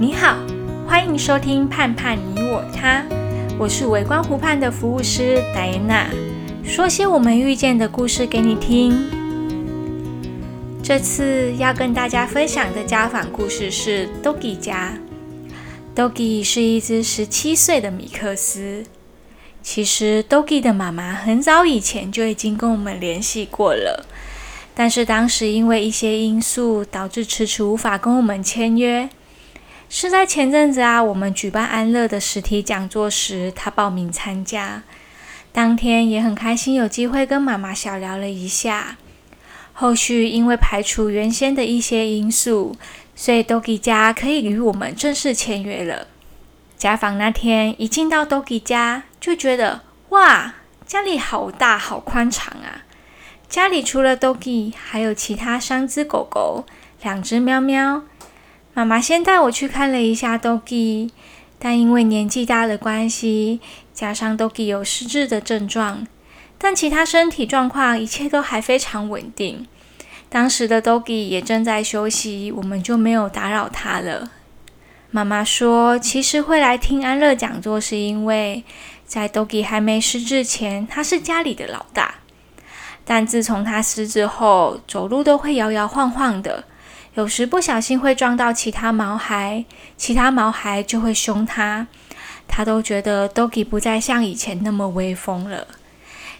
你好，歡迎收聽《盼盼你我他》，我是微光湖盼的服務師戴安娜，說些我們遇見的故事給你聽。這次要跟大家分享的家訪故事是 Doggie 家。Doggie 是一只十七歲的米克斯。其實 Doggie 的媽媽很早以前就已經跟我們聯繫過了，但是當時因為一些因素，導致遲遲無法跟我們簽約。是在前陣子啊，我們舉辦安樂的實體講座時，他報名參加。當天也很開心，有機會跟媽媽小聊了一下。後續因為排除原先的一些因素，所以 Doggie 家可以與我們正式簽約了。家訪那天，一進到 Doggie 家，就覺得哇，家裡好大，好寬敞啊！家裡除了 Doggie，還有其他三隻狗狗，兩隻喵喵。媽媽先帶我去看了一下 Doggie，但因為年紀大的關係，加上 Doggie 有失智的症狀，但其他身體狀況一切都還非常穩定。當時的 Doggie 也正在休息，我們就沒有打擾他了。媽媽說，其實會來聽安樂講座，是因為在 Doggie 還沒失智前，他是家裡的老大，但自從他失智後，走路都會搖搖晃晃的。有時不小心會撞到其他毛孩，其他毛孩就會兇他，他都覺得 Doggie 不再像以前那麼威風了。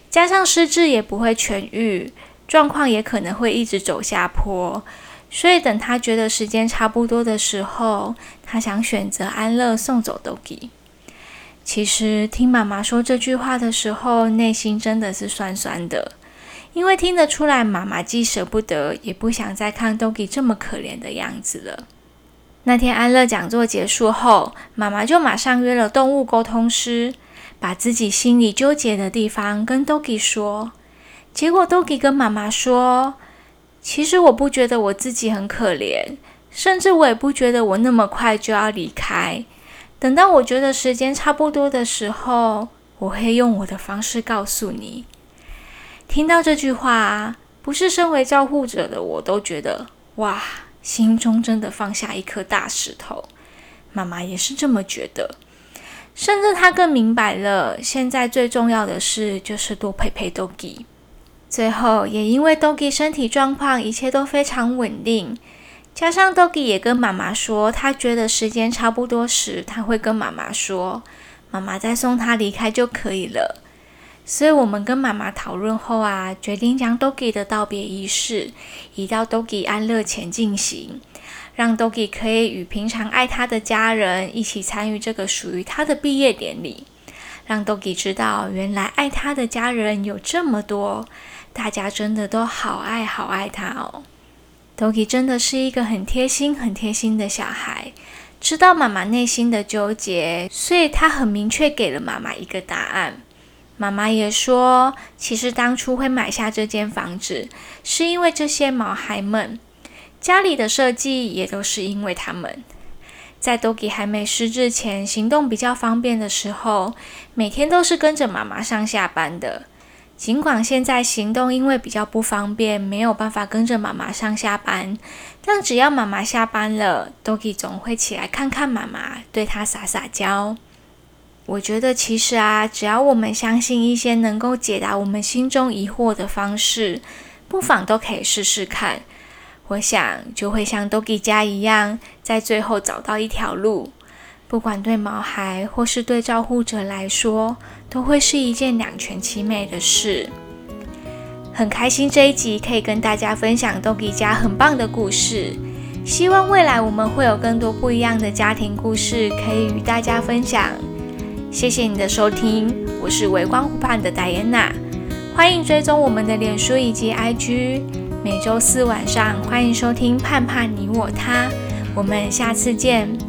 加上失智也不會痊癒，狀況也可能會一直走下坡，所以等他覺得時間差不多的時候，他想選擇安樂送走 Doggie。其實聽媽媽說這句話的時候，內心真的是酸酸的。因為聽得出來，媽媽既捨不得，也不想再看 Doggie 這麼可憐的樣子了。那天安樂講座結束後，媽媽就馬上約了動物溝通師，把自己心裡糾結的地方跟 Doggie 說。結果 Doggie 跟媽媽說：“其實我不覺得我自己很可憐，甚至我也不覺得我那麼快就要離開。等到我覺得時間差不多的時候，我會用我的方式告訴你。”聽到這句話，不是身為照護者的我都覺得哇，心中真的放下一顆大石頭。媽媽也是這麼覺得，甚至她更明白了，現在最重要的事就是多陪陪 Doggie。最後，也因為 Doggie 身體狀況一切都非常穩定，加上 Doggie 也跟媽媽說，他覺得時間差不多時，他會跟媽媽說，媽媽再送他離開就可以了。所以我們跟媽媽討論後啊，決定將 Doggie 的道別儀式移到 Doggie 安樂前進行，讓 Doggie 可以與平常愛他的家人一起參與這個屬於他的畢業典禮，讓 Doggie 知道原來愛他的家人有這麼多，大家真的都好愛好愛他哦。Doggie 真的是一個很貼心、很貼心的小孩，知道媽媽內心的糾結，所以他很明確給了媽媽一個答案。媽媽也說，其實當初會買下這間房子，是因為這些毛孩們。家裡的設計也都是因為他們。在 Doggie 還沒失智前，行動比較方便的時候，每天都是跟着媽媽上下班的。儘管現在行動因為比較不方便，沒有辦法跟着媽媽上下班，但只要媽媽下班了，Doggie 總會起來看看媽媽，對她撒撒嬌。我覺得其實啊，只要我們相信一些能夠解答我們心中疑惑的方式，不妨都可以試試看。我想就會像 Doggie 家一樣，在最後找到一條路，不管對毛孩或是對照護者來說，都會是一件兩全其美的事。很開心這一集可以跟大家分享 Doggie 家很棒的故事，希望未來我們會有更多不一樣的家庭故事可以與大家分享。謝謝你的收聽，我是微光湖畔的戴安娜，歡迎追蹤我們的臉書以及 IG，每周四晚上歡迎收聽《盼盼你我他》，我們下次見。